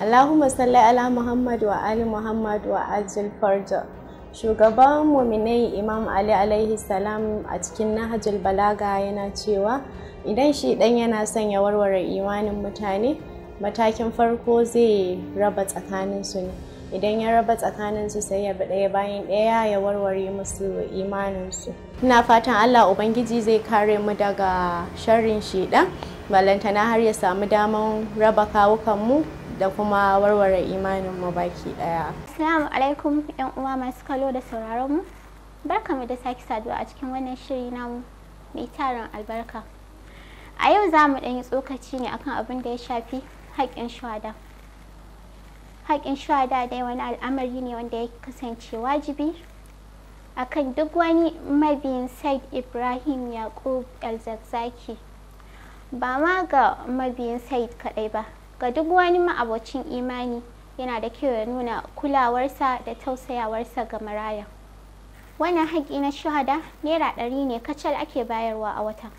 Allahumma salli ala Muhammad wa ali Muhammad wa ajil farja. Shugaban muminai Imam Ali alaihi salam a cikin Nahajul Balaga yana cewa idan shi dan yana son ya warware imanin mutane matakin farko zai raba tsakaninsu ne. idan ya raba tsakaninsu sai ya bi ɗaya bayan ɗaya ya warware musu imaninsu ina fatan allah ubangiji zai kare mu daga sharrin shi dan. balantana har ya samu daman raba kawukan mu. da kuma warware imanin mu baki daya. Assalamu alaikum yan uwa masu kallo da sauraron mu. Barkamu da sake saduwa a cikin wannan shiri namu mai tarin albarka. A yau za mu ɗan yi tsokaci ne akan abin da ya shafi haƙƙin shuhada. Haƙƙin shuhada dai wani al'amari ne wanda ya kasance wajibi akan duk wani mabiyin Said Ibrahim Yaqub el ba ma ga mabiyin Said kaɗai ba ga duk wani ma'abocin imani yana da kyau ya nuna kulawarsa da tausayawarsa ga maraya wannan haƙƙi na shahada naira ɗari ne kacal ake bayarwa a wata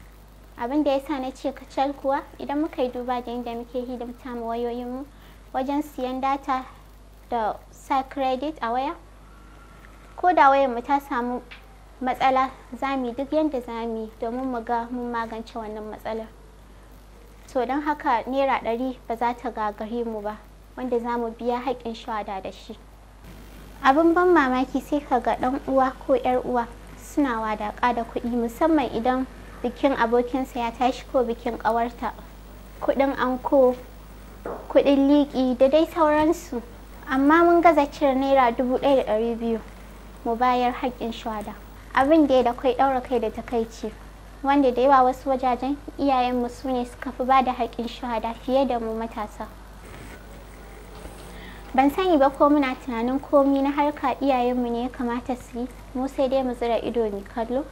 abin da yasa na ce kacal kuwa idan muka yi duba da yadda muke hidimta mu wayoyinmu wajen siyan data da sa credit a waya ko da wayarmu ta samu matsala za duk yadda za mu yi domin mu ga mun magance wannan matsalar so don haka naira ɗari ba za ta gagari mu ba wanda za mu biya haƙƙin shawada da shi abin ban mamaki sai ka ga ɗan uwa ko ‘yar uwa suna wadaƙa da kuɗi musamman idan bikin abokinsa ya tashi ko bikin ƙawarta kuɗin anko kuɗin liƙi da dai sauransu amma mun gaza cire naira dubu ɗaya da ɗari biyu mu bayar haƙƙin shawada abin da ya da kwai ɗaura kai da takaici wanda da yawa wasu wajajen iyayenmu su ne suka fi ba da haƙƙin shahada fiye da mu matasa ban sani ba ko muna tunanin komi na harka iyayenmu ne ya kamata su yi mu sai dai mu zira ido mai kallo